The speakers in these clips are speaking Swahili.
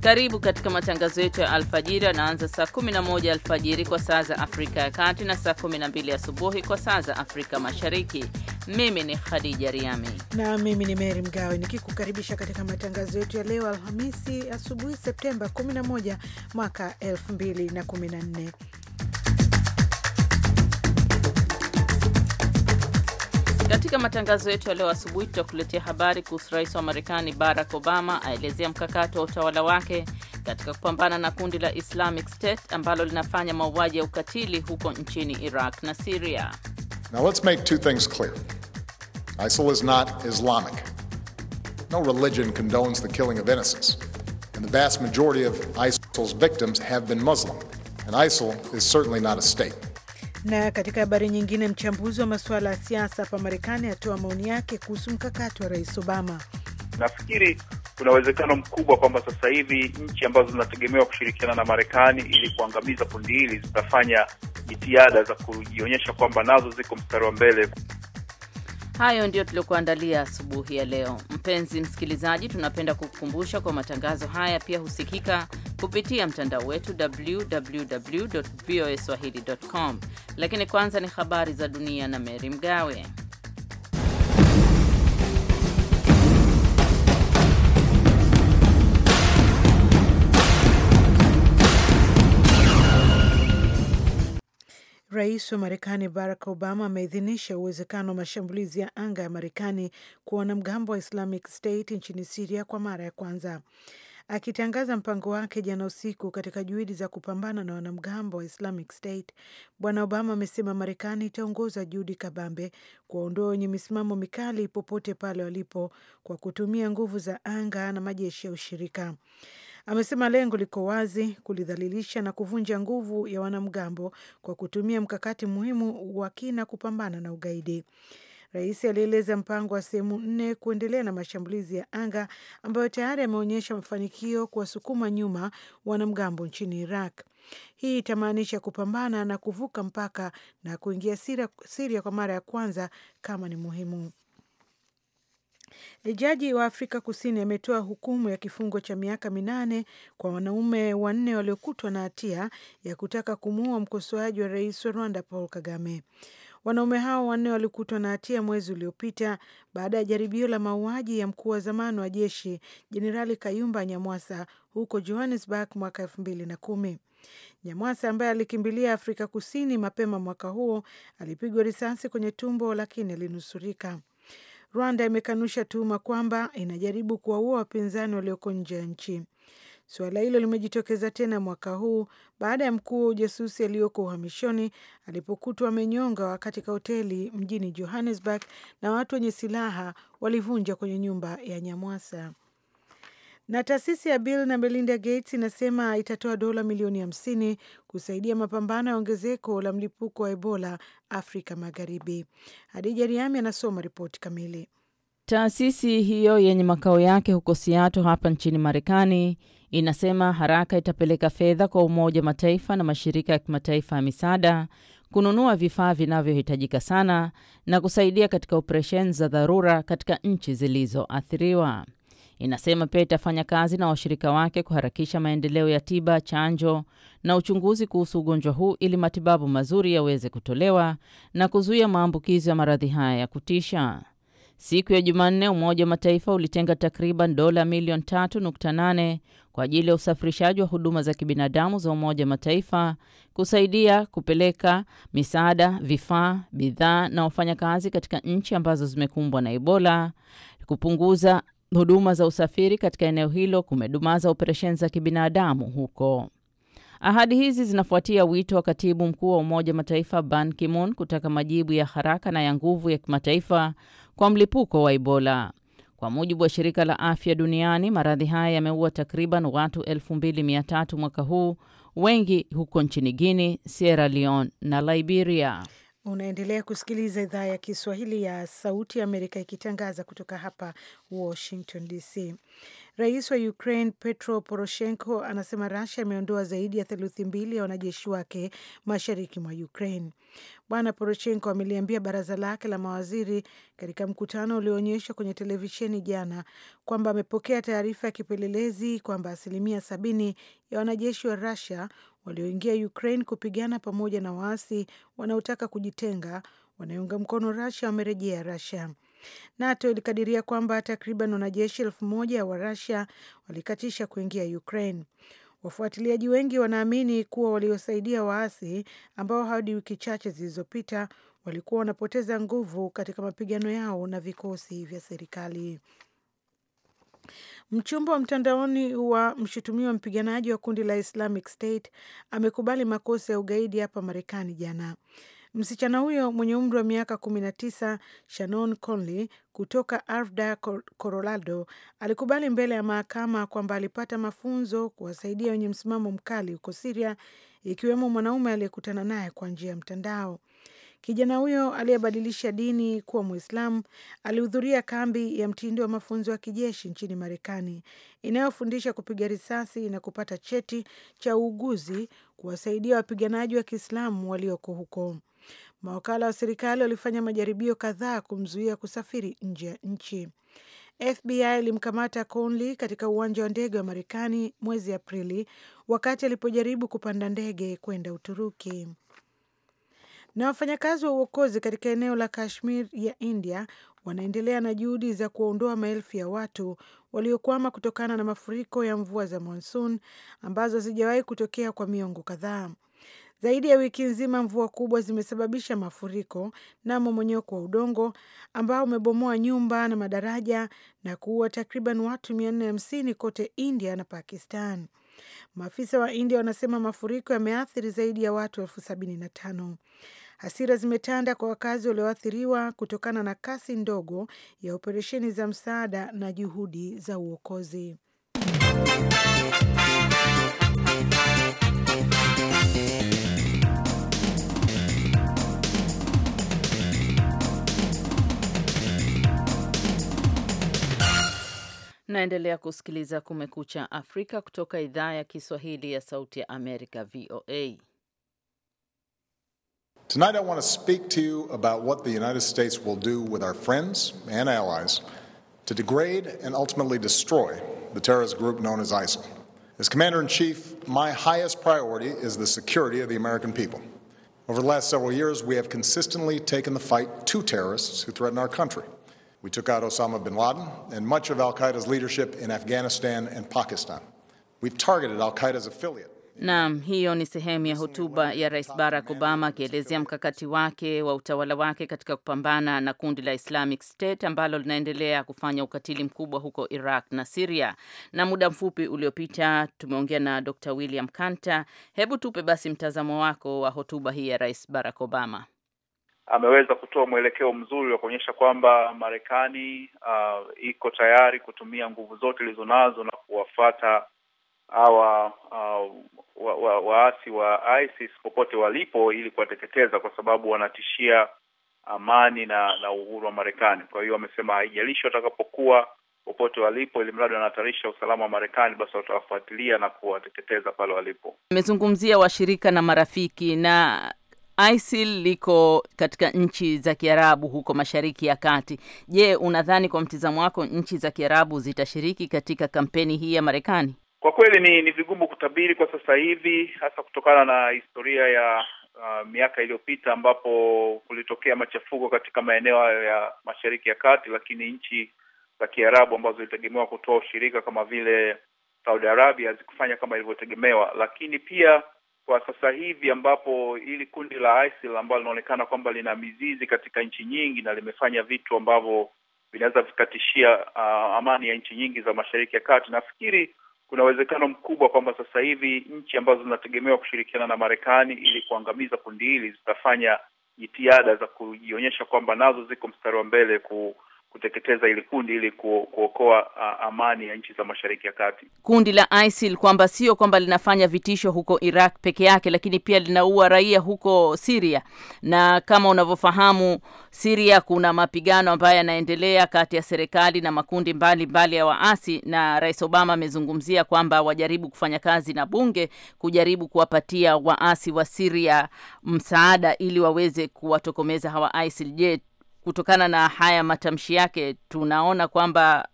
Karibu katika matangazo yetu ya alfajiri yanaanza saa 11 alfajiri kwa saa za Afrika ya Kati na saa 12 asubuhi kwa saa za Afrika Mashariki. Mimi ni Khadija Riami na mimi ni Meri Mgawe nikikukaribisha katika matangazo yetu ya leo Alhamisi asubuhi, Septemba 11 mwaka 2014. Katika matangazo yetu ya leo asubuhi, tutakuletea habari kuhusu rais wa Marekani Barack Obama aelezea mkakati wa utawala wake katika kupambana na kundi la Islamic State ambalo linafanya mauaji ya ukatili huko nchini Iraq na Siria. Now let's make two things clear. ISIL is not Islamic. No religion condones the killing of innocents. And the vast majority of ISIL's victims have been Muslim. And ISIL is certainly not a state. Na katika habari nyingine, mchambuzi wa masuala ya siasa hapa Marekani atoa maoni yake kuhusu mkakati wa Rais Obama. Nafikiri kuna uwezekano mkubwa kwamba sasa hivi nchi ambazo zinategemewa kushirikiana na Marekani ili kuangamiza kundi hili zitafanya jitihada za kujionyesha kwamba nazo ziko mstari wa mbele. Hayo ndiyo tuliokuandalia asubuhi ya leo. Mpenzi msikilizaji, tunapenda kukukumbusha kwa matangazo haya pia husikika kupitia mtandao wetu www voa lakini kwanza ni habari za dunia na Meri Mgawe. Rais wa Marekani Barack Obama ameidhinisha uwezekano wa mashambulizi ya anga ya Marekani kwa wanamgambo wa Islamic State nchini Siria kwa mara ya kwanza. Akitangaza mpango wake jana usiku katika juhudi za kupambana na wanamgambo wa Islamic State, Bwana Obama amesema Marekani itaongoza juhudi kabambe kuwaondoa wenye misimamo mikali popote pale walipo kwa kutumia nguvu za anga na majeshi ya ushirika. Amesema lengo liko wazi, kulidhalilisha na kuvunja nguvu ya wanamgambo kwa kutumia mkakati muhimu wa kina kupambana na ugaidi. Rais alieleza mpango wa sehemu nne kuendelea na mashambulizi ya anga ambayo tayari ameonyesha mafanikio kuwasukuma nyuma wanamgambo nchini Iraq. Hii itamaanisha kupambana na kuvuka mpaka na kuingia Siria kwa mara ya kwanza kama ni muhimu. Jaji wa Afrika Kusini ametoa hukumu ya kifungo cha miaka minane kwa wanaume wanne waliokutwa na hatia ya kutaka kumuua mkosoaji wa rais wa Rwanda Paul Kagame. Wanaume hao wanne walikutwa na hatia mwezi uliopita baada ya jaribio la mauaji ya mkuu wa zamani wa jeshi Jenerali Kayumba Nyamwasa huko Johannesburg mwaka elfu mbili na kumi. Nyamwasa ambaye alikimbilia Afrika Kusini mapema mwaka huo alipigwa risasi kwenye tumbo lakini alinusurika. Rwanda imekanusha tuhuma kwamba inajaribu kuwaua wapinzani walioko nje ya nchi. Suala hilo limejitokeza tena mwaka huu baada ya mkuu wa ujasusi aliyoko uhamishoni alipokutwa amenyonga katika hoteli mjini Johannesburg na watu wenye silaha walivunja kwenye nyumba ya Nyamwasa. Na taasisi ya Bill na Melinda Gates inasema itatoa dola milioni hamsini kusaidia mapambano ya ongezeko la mlipuko wa Ebola Afrika Magharibi. Hadija Riami anasoma ripoti kamili. Taasisi hiyo yenye makao yake huko Seattle hapa nchini Marekani inasema haraka itapeleka fedha kwa Umoja wa Mataifa na mashirika ya kimataifa ya misaada kununua vifaa vinavyohitajika sana na kusaidia katika operesheni za dharura katika nchi zilizoathiriwa. Inasema pia itafanya kazi na washirika wake kuharakisha maendeleo ya tiba, chanjo na uchunguzi kuhusu ugonjwa huu ili matibabu mazuri yaweze kutolewa na kuzuia maambukizo ya maradhi haya ya kutisha. Siku ya Jumanne, Umoja wa Mataifa ulitenga takriban dola milioni 3.8 kwa ajili ya usafirishaji wa huduma za kibinadamu za Umoja wa Mataifa kusaidia kupeleka misaada, vifaa, bidhaa na wafanyakazi katika nchi ambazo zimekumbwa na Ebola, kupunguza Huduma za usafiri katika eneo hilo kumedumaza operesheni za kibinadamu huko. Ahadi hizi zinafuatia wito wa katibu mkuu wa Umoja wa Mataifa Ban Ki-moon kutaka majibu ya haraka na ya nguvu ya kimataifa kwa mlipuko wa Ebola. Kwa mujibu wa shirika la afya duniani, maradhi haya yameua takriban watu 2300 mwaka huu, wengi huko nchini Guinea, Sierra Leone na Liberia. Unaendelea kusikiliza idhaa ya Kiswahili ya Sauti ya Amerika ikitangaza kutoka hapa Washington DC. Rais wa Ukraine Petro Poroshenko anasema Rasia imeondoa zaidi ya theluthi mbili ya wanajeshi wake mashariki mwa Ukraine. Bwana Poroshenko ameliambia baraza lake la mawaziri katika mkutano ulioonyeshwa kwenye televisheni jana kwamba amepokea taarifa ya kipelelezi kwamba asilimia sabini ya wanajeshi wa Rasia walioingia Ukraine kupigana pamoja na waasi wanaotaka kujitenga wanayounga mkono Rasia wamerejea Rasia. NATO ilikadiria kwamba takriban wanajeshi elfu moja wa Rasia walikatisha kuingia Ukraine. Wafuatiliaji wengi wanaamini kuwa waliosaidia waasi ambao hadi wiki chache zilizopita walikuwa wanapoteza nguvu katika mapigano yao na vikosi vya serikali. Mchumba wa mtandaoni wa mshutumiwa mpiganaji wa kundi la Islamic State amekubali makosa ya ugaidi hapa Marekani jana. Msichana huyo mwenye umri wa miaka kumi na tisa Shannon Conley kutoka Arvada, Colorado, alikubali mbele ya mahakama kwamba alipata mafunzo kuwasaidia wenye msimamo mkali huko Siria, ikiwemo mwanaume aliyekutana naye kwa njia ya mtandao. Kijana huyo aliyebadilisha dini kuwa Mwislamu alihudhuria kambi ya mtindo wa mafunzo ya kijeshi nchini Marekani inayofundisha kupiga risasi na kupata cheti cha uuguzi kuwasaidia wapiganaji wa Kiislamu walioko huko. Mawakala wa serikali walifanya majaribio kadhaa kumzuia kusafiri nje ya nchi. FBI ilimkamata Conley katika uwanja wa ndege wa Marekani mwezi Aprili wakati alipojaribu kupanda ndege kwenda Uturuki. Na wafanyakazi wa uokozi katika eneo la Kashmir ya India wanaendelea na juhudi za kuwaondoa maelfu ya watu waliokwama kutokana na mafuriko ya mvua za monsun ambazo hazijawahi kutokea kwa miongo kadhaa. Zaidi ya wiki nzima mvua kubwa zimesababisha mafuriko na momonyoko wa udongo ambao umebomoa nyumba na madaraja na kuua takriban watu 450 kote India na Pakistan. Maafisa wa India wanasema mafuriko yameathiri zaidi ya watu elfu 75. Hasira zimetanda kwa wakazi walioathiriwa kutokana na kasi ndogo ya operesheni za msaada na juhudi za uokozi. Naendelea kusikiliza Kumekucha Afrika kutoka idhaa ya Kiswahili ya Sauti ya Amerika, VOA. Tonight, I want to speak to you about what the United States will do with our friends and allies to degrade and ultimately destroy the terrorist group known as ISIL. As Commander in Chief, my highest priority is the security of the American people. Over the last several years, we have consistently taken the fight to terrorists who threaten our country. We took out Osama bin Laden and much of al Qaeda's leadership in Afghanistan and Pakistan. We've targeted al Qaeda's affiliate. Naam, hiyo ni sehemu ya hotuba ya Rais Barack Obama akielezea mkakati wake wa utawala wake katika kupambana na kundi la Islamic State ambalo linaendelea kufanya ukatili mkubwa huko Iraq na siria Na muda mfupi uliopita tumeongea na Dr. William Kanta. Hebu tupe basi mtazamo wako wa hotuba hii ya Rais Barack Obama. Ameweza kutoa mwelekeo mzuri wa kuonyesha kwamba Marekani uh, iko tayari kutumia nguvu zote ilizonazo na kuwafata hawa uh, waasi wa, wa, wa ISIS popote walipo, ili kuwateketeza kwa sababu wanatishia amani na na uhuru wa Marekani. Kwa hiyo wamesema haijalishi watakapokuwa popote walipo, ili mradi wanahatarisha usalama wa Marekani, basi watawafuatilia na kuwateketeza pale walipo. Nimezungumzia washirika na marafiki na ISIL liko katika nchi za Kiarabu huko Mashariki ya Kati. Je, unadhani kwa mtizamo wako nchi za Kiarabu zitashiriki katika kampeni hii ya Marekani? Kwa kweli ni, ni vigumu kutabiri kwa sasa hivi, hasa kutokana na historia ya uh, miaka iliyopita ambapo kulitokea machafuko katika maeneo hayo ya Mashariki ya Kati, lakini nchi za Kiarabu ambazo zilitegemewa kutoa ushirika kama vile Saudi Arabia hazikufanya kama ilivyotegemewa, lakini pia kwa sasa hivi ambapo ili kundi la ISIL ambalo linaonekana kwamba lina mizizi katika nchi nyingi na limefanya vitu ambavyo vinaweza vikatishia uh, amani ya nchi nyingi za Mashariki ya Kati, nafikiri kuna uwezekano mkubwa kwamba sasa hivi nchi ambazo zinategemewa kushirikiana na Marekani ili kuangamiza kundi hili zitafanya jitihada za kujionyesha kwamba nazo ziko mstari wa mbele ku kuteketeza ili kundi ili kuokoa amani ya nchi za Mashariki ya Kati. Kundi la ISIL kwamba sio kwamba linafanya vitisho huko Iraq peke yake, lakini pia linaua raia huko Syria, na kama unavyofahamu, Syria kuna mapigano ambayo yanaendelea kati ya serikali na makundi mbalimbali mbali ya waasi, na Rais Obama amezungumzia kwamba wajaribu kufanya kazi na bunge kujaribu kuwapatia waasi wa Syria msaada ili waweze kuwatokomeza hawa ISIL. Je, kutokana na haya matamshi yake tunaona kwamba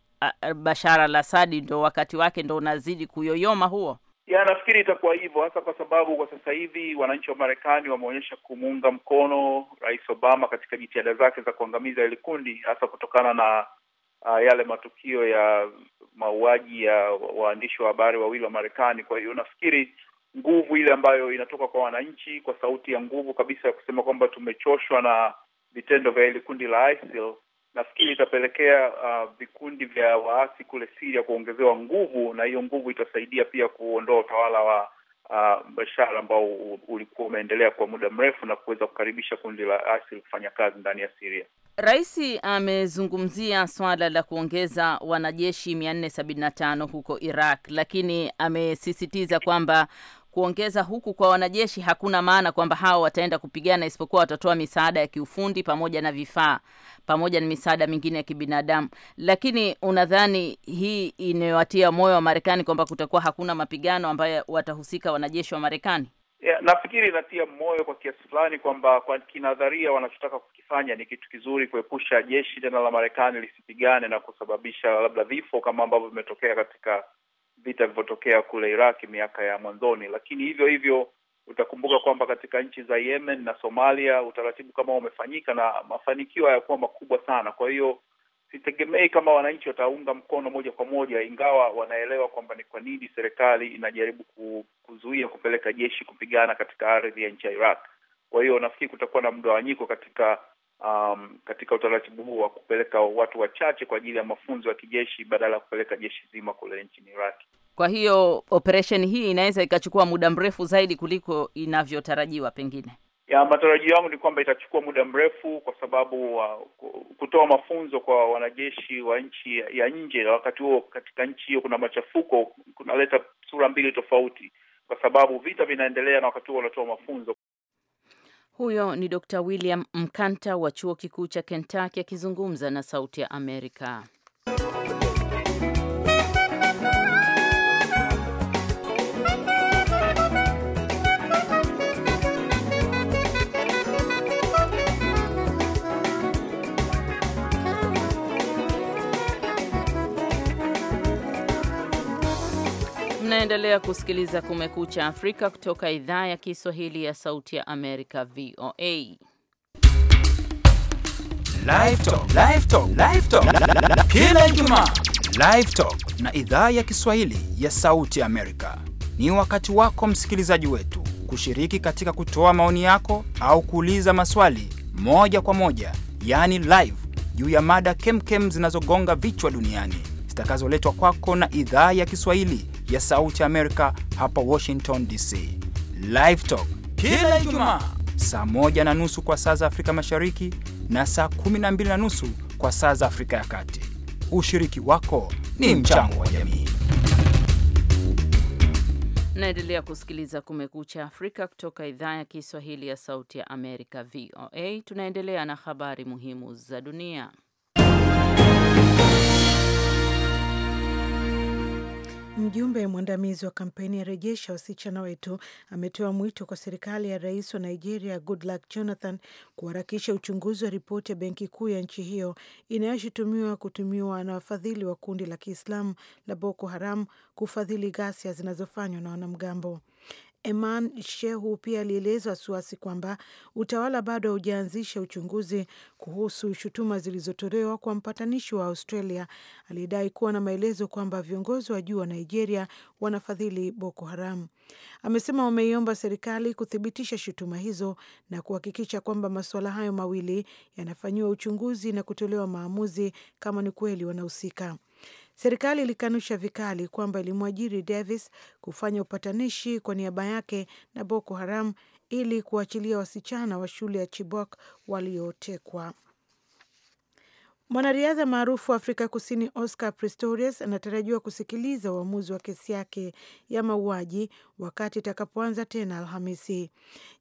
Bashar al Asadi ndo wakati wake ndo unazidi kuyoyoma huo. Ya, nafikiri itakuwa hivyo hasa kwa sababu kwa sasa hivi wananchi wa Marekani wameonyesha kumuunga mkono Rais Obama katika jitihada zake za kuangamiza hili kundi, hasa kutokana na uh, yale matukio ya mauaji ya waandishi wa habari wawili wa Marekani. Kwa hiyo nafikiri nguvu ile ambayo inatoka kwa wananchi, kwa sauti ya nguvu kabisa ya kusema kwamba tumechoshwa na vitendo vya ile kundi la ISIL nafikiri itapelekea uh, vikundi vya waasi kule Syria kuongezewa nguvu, na hiyo nguvu itasaidia pia kuondoa utawala wa uh, Bashar ambao ulikuwa umeendelea kwa muda mrefu na kuweza kukaribisha kundi la ISIL kufanya kazi ndani ya Syria. Rais amezungumzia swala la kuongeza wanajeshi mia nne sabini na tano huko Iraq, lakini amesisitiza kwamba Kuongeza huku kwa wanajeshi hakuna maana kwamba hawa wataenda kupigana, isipokuwa watatoa misaada ya kiufundi pamoja na vifaa pamoja na misaada mingine ya kibinadamu. Lakini unadhani hii inayowatia moyo wa Marekani kwamba kutakuwa hakuna mapigano ambayo watahusika wanajeshi wa Marekani? Yeah, nafikiri inatia moyo kwa kiasi fulani kwamba kwa kinadharia wanachotaka kukifanya ni kitu kizuri, kuepusha jeshi tena la Marekani lisipigane na kusababisha labda vifo kama ambavyo vimetokea katika vita vilivyotokea kule Iraki miaka ya mwanzoni, lakini hivyo hivyo utakumbuka kwamba katika nchi za Yemen na Somalia utaratibu kama umefanyika na mafanikio hayakuwa makubwa sana. Kwa hiyo sitegemei kama wananchi wataunga mkono moja kwa moja, ingawa wanaelewa kwamba ni kwa nini serikali inajaribu kuzuia kupeleka jeshi kupigana katika ardhi ya nchi ya Iraq. Kwa hiyo nafikiri kutakuwa na mgawanyiko katika um, katika utaratibu huu wa kupeleka watu wachache kwa ajili ya mafunzo ya kijeshi badala ya kupeleka jeshi zima kule nchini iraki Kwa hiyo operesheni hii inaweza ikachukua muda mrefu zaidi kuliko inavyotarajiwa pengine. Ya, matarajio yangu ni kwamba itachukua muda mrefu kwa sababu uh, kutoa mafunzo kwa wanajeshi wa nchi ya nje, na wakati huo katika nchi hiyo kuna machafuko, kunaleta sura mbili tofauti, kwa sababu vita vinaendelea na wakati huo wanatoa mafunzo. Huyo ni Dr. William Mkanta wa chuo kikuu cha Kentucky akizungumza na Sauti ya Amerika. Mnaendelea kusikiliza Kumekucha Afrika kutoka idhaa ya Kiswahili ya Sauti ya Amerika, VOA. Kila Ijumaa Live Talk na idhaa ya Kiswahili ya Sauti ya Amerika ni wakati wako msikilizaji wetu kushiriki katika kutoa maoni yako au kuuliza maswali moja kwa moja, yaani live, juu ya mada kemkem zinazogonga vichwa duniani zitakazoletwa kwako na idhaa ya Kiswahili ya Sauti Amerika hapa Washington DC. Live Talk kila Ijumaa saa moja na nusu kwa saa za Afrika Mashariki na saa kumi na mbili na nusu kwa saa za Afrika ya Kati. Ushiriki wako ni mchango wa jamii. Naendelea kusikiliza Kumekucha Afrika kutoka idhaa ya Kiswahili ya Sauti ya Amerika, VOA. Tunaendelea na habari muhimu za dunia. Mjumbe mwandamizi wa kampeni ya Rejesha Wasichana Wetu ametoa mwito kwa serikali ya rais wa Nigeria Goodluck Jonathan kuharakisha uchunguzi wa ripoti ya benki kuu ya nchi hiyo inayoshutumiwa kutumiwa na wafadhili wa kundi la Kiislamu la Boko Haram kufadhili ghasia zinazofanywa na wanamgambo. Eman Shehu pia alieleza wasiwasi kwamba utawala bado haujaanzisha uchunguzi kuhusu shutuma zilizotolewa kwa mpatanishi wa Australia aliyedai kuwa na maelezo kwamba viongozi wa juu wa Nigeria wanafadhili Boko Haram. Amesema wameiomba serikali kuthibitisha shutuma hizo na kuhakikisha kwamba masuala hayo mawili yanafanyiwa uchunguzi na kutolewa maamuzi kama ni kweli wanahusika. Serikali ilikanusha vikali kwamba ilimwajiri Davis kufanya upatanishi kwa niaba yake na Boko Haram ili kuachilia wasichana wa shule ya Chibok waliotekwa. Mwanariadha maarufu wa Afrika Kusini Oscar Pistorius anatarajiwa kusikiliza uamuzi wa kesi yake ya mauaji wakati itakapoanza tena Alhamisi.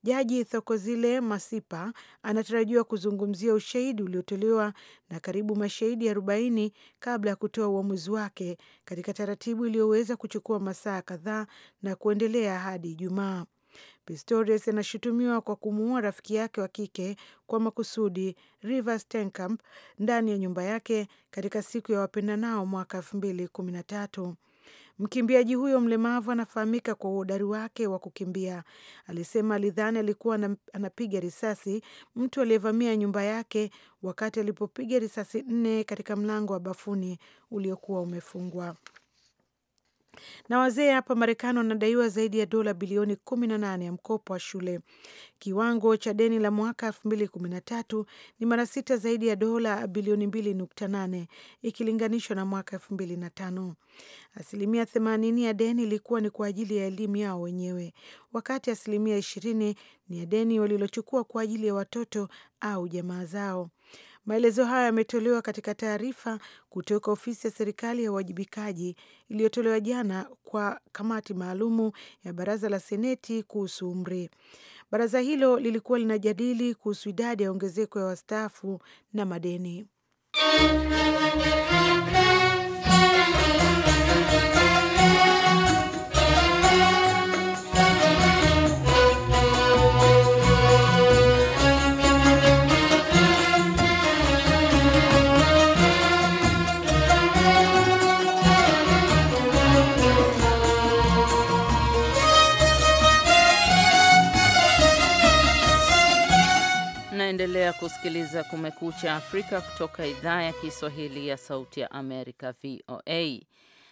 Jaji Thokozile Masipa anatarajiwa kuzungumzia ushahidi uliotolewa na karibu mashahidi arobaini kabla ya kutoa uamuzi wake katika taratibu iliyoweza kuchukua masaa kadhaa na kuendelea hadi Ijumaa. Pistorius anashutumiwa kwa kumuua rafiki yake wa kike kwa makusudi Rivers Stenkamp ndani ya nyumba yake katika siku ya wapendanao mwaka elfu mbili kumi na tatu. Mkimbiaji huyo mlemavu anafahamika kwa uhodari wake wa kukimbia. Alisema alidhani alikuwa anapiga risasi mtu aliyevamia nyumba yake wakati alipopiga risasi nne katika mlango wa bafuni uliokuwa umefungwa. Na wazee hapa Marekani wanadaiwa zaidi ya dola bilioni 18 ya mkopo wa shule. Kiwango cha deni la mwaka 2013 ni mara sita zaidi ya dola bilioni 2.8 ikilinganishwa na mwaka 2005. Asilimia 80 ya deni ilikuwa ni kwa ajili ya elimu yao wenyewe, wakati asilimia 20 ni ya deni walilochukua kwa ajili ya watoto au jamaa zao. Maelezo hayo yametolewa katika taarifa kutoka ofisi ya serikali ya uwajibikaji iliyotolewa jana kwa kamati maalumu ya baraza la seneti kuhusu umri. Baraza hilo lilikuwa linajadili kuhusu idadi ya ongezeko ya wastaafu na madeni. Unaendelea kusikiliza Kumekucha Afrika kutoka idhaa ya Kiswahili ya Sauti ya Amerika, VOA.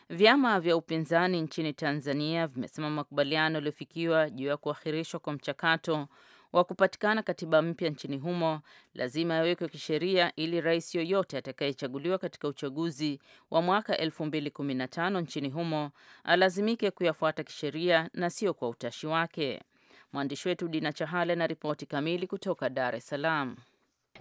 Vyama vya upinzani nchini Tanzania vimesema makubaliano yaliyofikiwa juu ya kuahirishwa kwa mchakato wa kupatikana katiba mpya nchini humo lazima yawekwe kisheria ili rais yoyote atakayechaguliwa katika uchaguzi wa mwaka 2015 nchini humo alazimike kuyafuata kisheria na sio kwa utashi wake. Mwandishi wetu Dina Chahale na ripoti kamili kutoka Dar es Salaam.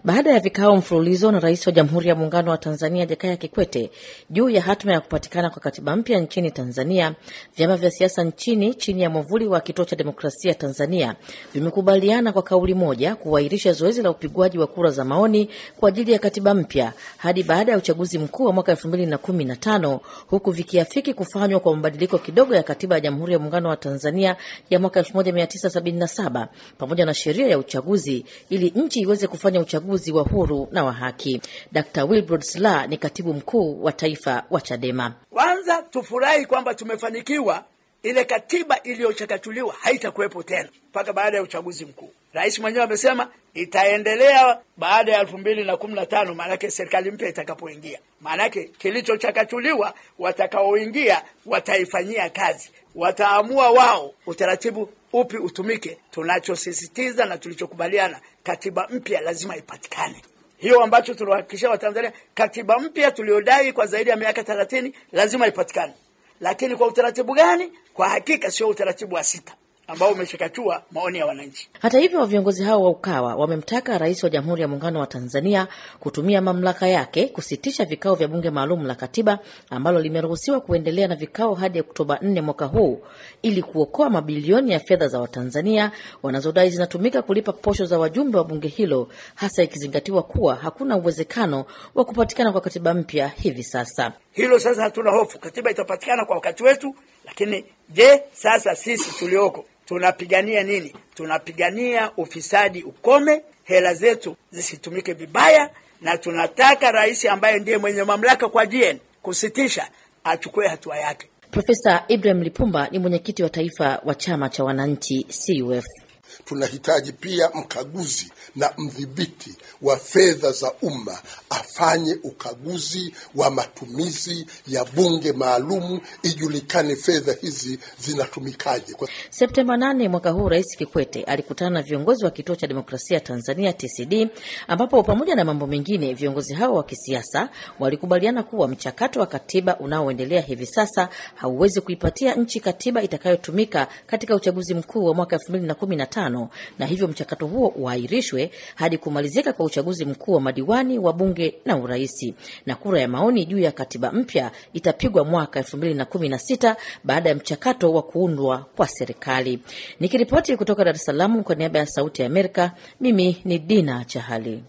Baada ya vikao mfululizo na Rais wa Jamhuri ya Muungano wa Tanzania Jakaya Kikwete juu ya hatma ya kupatikana kwa katiba mpya nchini Tanzania, vyama vya siasa nchini chini ya mwavuli wa Kituo cha Demokrasia Tanzania vimekubaliana kwa kauli moja kuahirisha zoezi la upigwaji wa kura za maoni kwa ajili ya katiba mpya hadi baada ya uchaguzi mkuu wa mwaka elfu na kumi na tano huku vikiafiki kufanywa kwa mabadiliko kidogo ya katiba ya Jamhuri ya Muungano wa Tanzania ya mwaka 1977 pamoja na sheria ya uchaguzi ili nchi iweze kufanya uchaguzi uchaguzi wa huru na wa haki. Dr. Wilbrod Sla ni katibu mkuu wa taifa wa Chadema. Kwanza tufurahi kwamba tumefanikiwa, ile katiba iliyochakatuliwa haitakuwepo tena mpaka baada ya uchaguzi mkuu. Rais mwenyewe amesema itaendelea baada ya elfu mbili na kumi na tano maanake serikali mpya itakapoingia, maanake kilichochakatuliwa watakaoingia wataifanyia kazi, wataamua wao utaratibu upi utumike. Tunachosisitiza na tulichokubaliana katiba mpya lazima ipatikane. Hiyo ambacho tuliwahakikishia Watanzania, katiba mpya tuliyodai kwa zaidi ya miaka thelathini lazima ipatikane, lakini kwa utaratibu gani? Kwa hakika sio utaratibu wa sita ambao umechakachua maoni ya wananchi. Hata hivyo, viongozi hao wa Ukawa wamemtaka Rais wa Jamhuri ya Muungano wa Tanzania kutumia mamlaka yake kusitisha vikao vya Bunge Maalum la Katiba ambalo limeruhusiwa kuendelea na vikao hadi Oktoba 4 mwaka huu ili kuokoa mabilioni ya fedha za Watanzania wanazodai zinatumika kulipa posho za wajumbe wa bunge hilo, hasa ikizingatiwa kuwa hakuna uwezekano wa kupatikana kwa katiba mpya hivi sasa. Hilo sasa hatuna hofu, katiba itapatikana kwa wakati wetu, lakini Je, sasa sisi tulioko tunapigania nini? Tunapigania ufisadi ukome, hela zetu zisitumike vibaya, na tunataka rais ambaye ndiye mwenye mamlaka kwa GN kusitisha, achukue hatua yake. Profesa Ibrahim Lipumba ni mwenyekiti wa taifa wa chama cha wananchi CUF tunahitaji pia mkaguzi na mdhibiti wa fedha za umma afanye ukaguzi wa matumizi ya bunge maalum, ijulikane fedha hizi zinatumikaje. Septemba 8 mwaka huu, Rais Kikwete alikutana na viongozi wa Kituo cha Demokrasia Tanzania TCD, ambapo pamoja na mambo mengine viongozi hao wa kisiasa walikubaliana kuwa mchakato wa katiba unaoendelea hivi sasa hauwezi kuipatia nchi katiba itakayotumika katika uchaguzi mkuu wa mwaka 2015 tano na hivyo mchakato huo uahirishwe hadi kumalizika kwa uchaguzi mkuu wa madiwani wa bunge na uraisi, na kura ya maoni juu ya katiba mpya itapigwa mwaka elfu baada ya mchakato wa kuundwa kwa serikali. Nikiripoti kutoka Dar salamu Salaam kwa niaba ya Sauti ya Amerika, mimi ni Dina Chahali.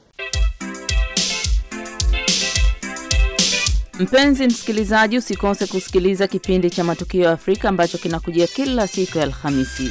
Mpenzi msikilizaji, usikose kusikiliza kipindi cha Matukio ya Afrika ambacho kinakujia kila siku ya Alhamisi.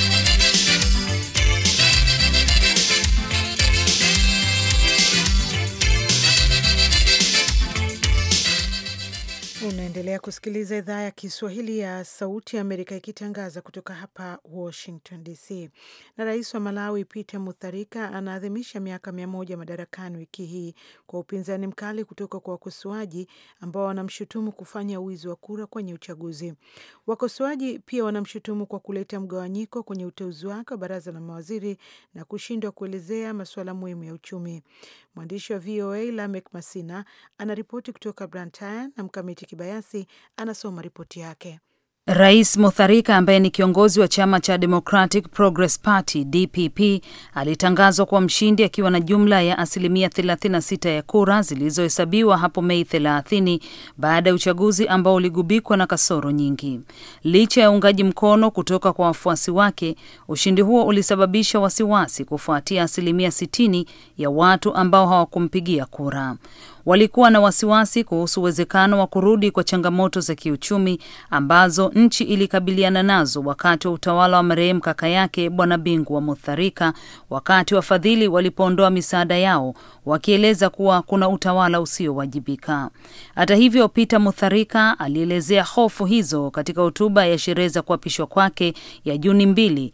Unaendelea kusikiliza idhaa ya Kiswahili ya Sauti ya Amerika ikitangaza kutoka hapa Washington DC. Na rais wa Malawi Peter Mutharika anaadhimisha miaka mia moja madarakani wiki hii kwa upinzani mkali kutoka kwa wakosoaji ambao wanamshutumu kufanya wizi wa kura kwenye uchaguzi. Wakosoaji pia wanamshutumu kwa kuleta mgawanyiko kwenye uteuzi wake wa baraza la mawaziri na kushindwa kuelezea masuala muhimu ya uchumi. Mwandishi wa VOA Lamek Masina anaripoti kutoka Blantyre na mkamiti Kibayasi anasoma ripoti yake. Rais Mutharika ambaye ni kiongozi wa chama cha Democratic Progress Party DPP alitangazwa kuwa mshindi akiwa na jumla ya asilimia 36 ya kura zilizohesabiwa hapo Mei 30 baada ya uchaguzi ambao uligubikwa na kasoro nyingi. Licha ya uungaji mkono kutoka kwa wafuasi wake, ushindi huo ulisababisha wasiwasi kufuatia asilimia 60 ya watu ambao hawakumpigia kura walikuwa na wasiwasi kuhusu uwezekano wa kurudi kwa changamoto za kiuchumi ambazo nchi ilikabiliana nazo wakati wa utawala wa marehemu kaka yake Bwana wa Mutharika, wakati wafadhili walipoondoa misaada yao wakieleza kuwa kuna utawala usiowajibika. Hata hivyo, Peter Mutharika alielezea hofu hizo katika hotuba ya sherehe za kuapishwa kwake ya Juni mbili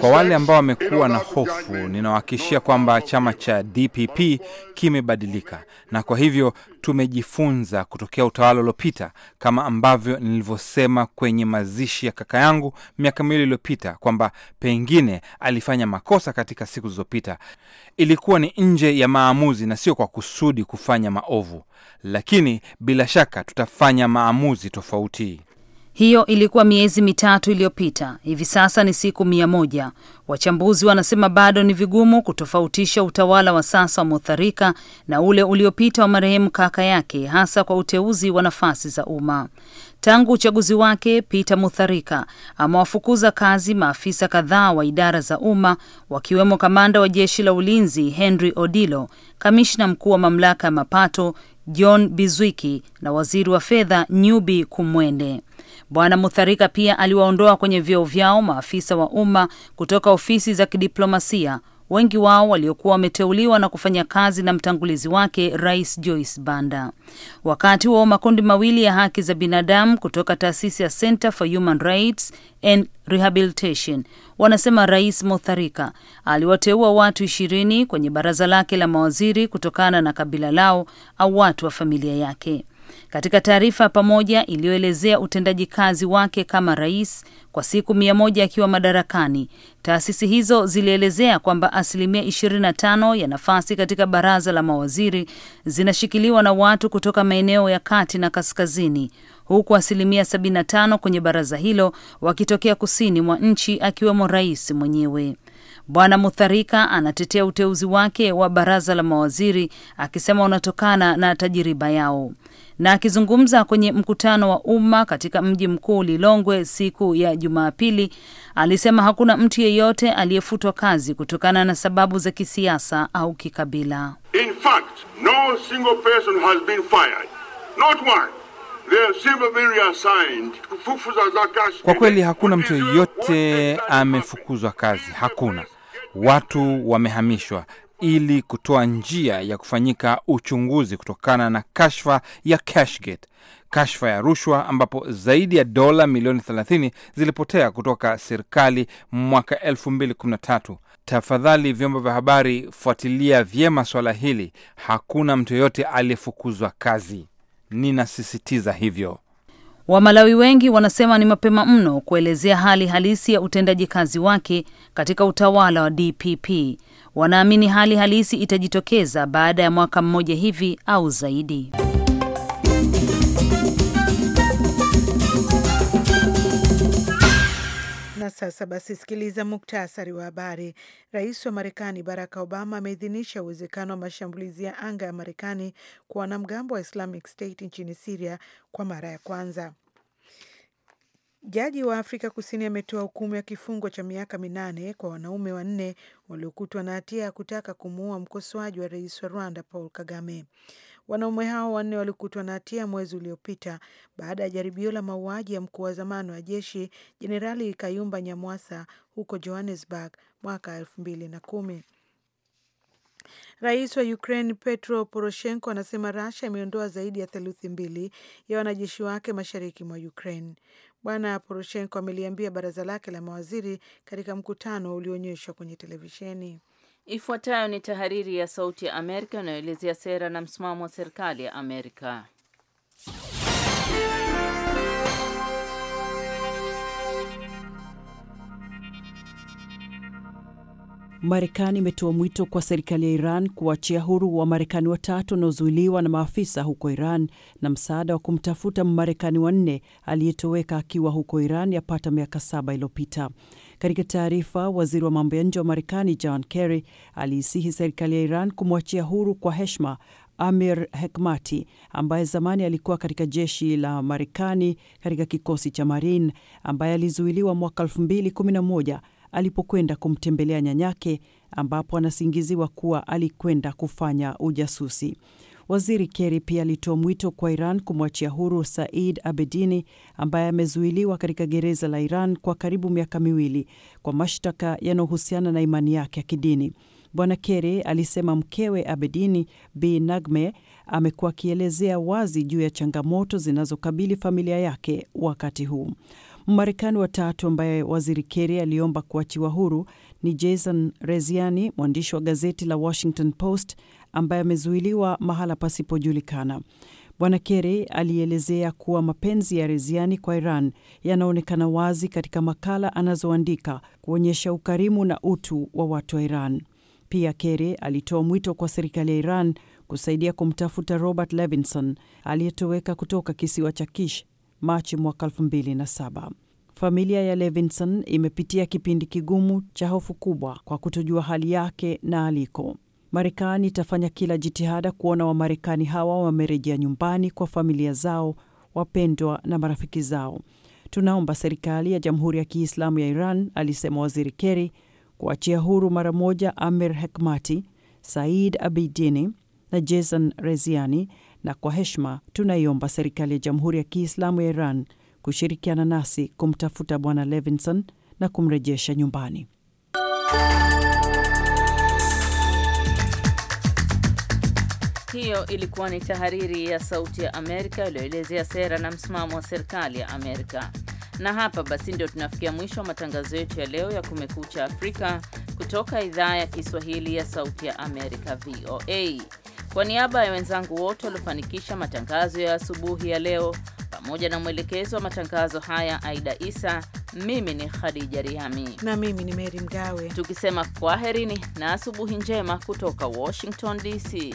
Kwa wale ambao wamekuwa na hofu, ninawahakikishia kwamba chama cha DPP kimebadilika, na kwa hivyo tumejifunza kutokea utawala uliopita, kama ambavyo nilivyosema kwenye mazishi ya kaka yangu miaka miwili iliyopita, kwamba pengine alifanya makosa katika siku zilizopita. Ilikuwa ni nje ya maamuzi na sio kwa kusudi kufanya maovu, lakini bila shaka tutafanya maamuzi tofauti. Hiyo ilikuwa miezi mitatu iliyopita. Hivi sasa ni siku mia moja. Wachambuzi wanasema bado ni vigumu kutofautisha utawala wa sasa wa Mutharika na ule uliopita wa marehemu kaka yake, hasa kwa uteuzi wa nafasi za umma. Tangu uchaguzi wake, Peter Mutharika amewafukuza kazi maafisa kadhaa wa idara za umma, wakiwemo kamanda wa jeshi la ulinzi Henry Odilo, kamishna mkuu wa mamlaka ya mapato John Bizwiki na waziri wa fedha Nyubi Kumwende. Bwana Mutharika pia aliwaondoa kwenye vyeo vyao maafisa wa umma kutoka ofisi za kidiplomasia, wengi wao waliokuwa wameteuliwa na kufanya kazi na mtangulizi wake Rais Joyce Banda. Wakati huo makundi mawili ya haki za binadamu kutoka taasisi ya Center for Human Rights and Rehabilitation wanasema Rais Mutharika aliwateua watu ishirini kwenye baraza lake la mawaziri kutokana na kabila lao au watu wa familia yake. Katika taarifa pamoja iliyoelezea utendaji kazi wake kama rais kwa siku mia moja akiwa madarakani, taasisi hizo zilielezea kwamba asilimia 25 ya nafasi katika baraza la mawaziri zinashikiliwa na watu kutoka maeneo ya kati na kaskazini huku asilimia 75 kwenye baraza hilo wakitokea kusini mwa nchi akiwemo rais mwenyewe. Bwana Mutharika anatetea uteuzi wake wa baraza la mawaziri akisema unatokana na tajiriba yao. Na akizungumza kwenye mkutano wa umma katika mji mkuu Lilongwe siku ya Jumapili, alisema hakuna mtu yeyote aliyefutwa kazi kutokana na sababu za kisiasa au kikabila. In fact, no single person has been fired. Not one. Kwa kweli hakuna mtu yeyote amefukuzwa kazi, hakuna watu wamehamishwa, ili kutoa njia ya kufanyika uchunguzi kutokana na kashfa ya Cashgate, kashfa ya rushwa ambapo zaidi ya dola milioni 30 zilipotea kutoka serikali mwaka 2013. Tafadhali vyombo vya habari, fuatilia vyema swala hili. Hakuna mtu yoyote aliyefukuzwa kazi, ninasisitiza hivyo. Wamalawi wengi wanasema ni mapema mno kuelezea hali halisi ya utendaji kazi wake katika utawala wa DPP Wanaamini hali halisi itajitokeza baada ya mwaka mmoja hivi au zaidi. Na sasa basi, sikiliza muktasari wa habari. Rais wa Marekani Barack Obama ameidhinisha uwezekano wa mashambulizi ya anga ya Marekani kwa wanamgambo wa Islamic State nchini Siria kwa mara ya kwanza. Jaji wa Afrika Kusini ametoa hukumu ya kifungo cha miaka minane kwa wanaume wanne waliokutwa na hatia ya kutaka kumuua mkosoaji wa rais wa Rwanda Paul Kagame. Wanaume hao wanne walikutwa na hatia mwezi uliopita baada ya jaribio la mauaji ya mkuu wa zamani wa jeshi Jenerali Kayumba Nyamwasa huko Johannesburg mwaka elfu mbili na kumi. Rais wa Ukraine Petro Poroshenko anasema Russia imeondoa zaidi ya theluthi mbili ya wanajeshi wake mashariki mwa Ukraine. Bwana Poroshenko ameliambia baraza lake la mawaziri katika mkutano ulioonyeshwa kwenye televisheni. Ifuatayo ni tahariri ya Sauti ya Amerika inayoelezea sera na msimamo wa serikali ya Amerika. Marekani imetoa mwito kwa serikali ya Iran kuwachia huru wa marekani watatu wanaozuiliwa na maafisa huko Iran na msaada wa kumtafuta Mmarekani wanne aliyetoweka akiwa huko Iran yapata miaka saba iliyopita. Katika taarifa, waziri wa mambo ya nje wa Marekani John Kerry aliisihi serikali ya Iran kumwachia huru kwa heshima Amir Hekmati ambaye zamani alikuwa katika jeshi la Marekani katika kikosi cha Marine ambaye alizuiliwa mwaka 2011 alipokwenda kumtembelea nyanyake ambapo anasingiziwa kuwa alikwenda kufanya ujasusi. Waziri Kerry pia alitoa mwito kwa Iran kumwachia huru Said Abedini ambaye amezuiliwa katika gereza la Iran kwa karibu miaka miwili kwa mashtaka yanayohusiana na imani yake ya kidini. Bwana Kerry alisema mkewe Abedini Bi Nagme amekuwa akielezea wazi juu ya changamoto zinazokabili familia yake wakati huu. Mmarekani watatu ambaye waziri Kerry aliomba kuachiwa huru ni Jason Reziani, mwandishi wa gazeti la Washington Post ambaye amezuiliwa mahala pasipojulikana. Bwana Kerry alielezea kuwa mapenzi ya Reziani kwa Iran yanaonekana wazi katika makala anazoandika kuonyesha ukarimu na utu wa watu wa Iran. Pia Kerry alitoa mwito kwa serikali ya Iran kusaidia kumtafuta Robert Levinson aliyetoweka kutoka kisiwa cha Kish Machi mwaka 2007. Familia ya Levinson imepitia kipindi kigumu cha hofu kubwa kwa kutojua hali yake na aliko. Marekani itafanya kila jitihada kuona Wamarekani hawa wamerejea nyumbani kwa familia zao, wapendwa na marafiki zao. Tunaomba serikali ya Jamhuri ya Kiislamu ya Iran, alisema Waziri Keri, kuachia huru mara moja Amir Hekmati, Said Abidini na Jason Reziani na kwa heshima tunaiomba serikali ya Jamhuri ya Kiislamu ya Iran kushirikiana nasi kumtafuta Bwana Levinson na kumrejesha nyumbani. Hiyo ilikuwa ni tahariri ya Sauti ya Amerika iliyoelezea sera na msimamo wa serikali ya Amerika. Na hapa basi ndio tunafikia mwisho wa matangazo yetu ya leo ya Kumekucha Afrika kutoka idhaa ya Kiswahili ya Sauti ya Amerika, VOA. Kwa niaba ya wenzangu wote waliofanikisha matangazo ya asubuhi ya leo pamoja na mwelekezo wa matangazo haya Aida Isa, mimi ni Khadija Riami na mimi ni Meri Mgawe, tukisema kwaherini na asubuhi njema kutoka Washington DC.